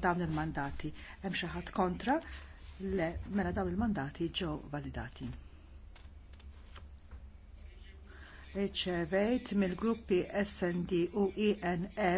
dawn il-mandati. Hemm xi ħadd kontra le mela dawn il-mandati ġew validati. Riċevejt mill-gruppi SND u INL e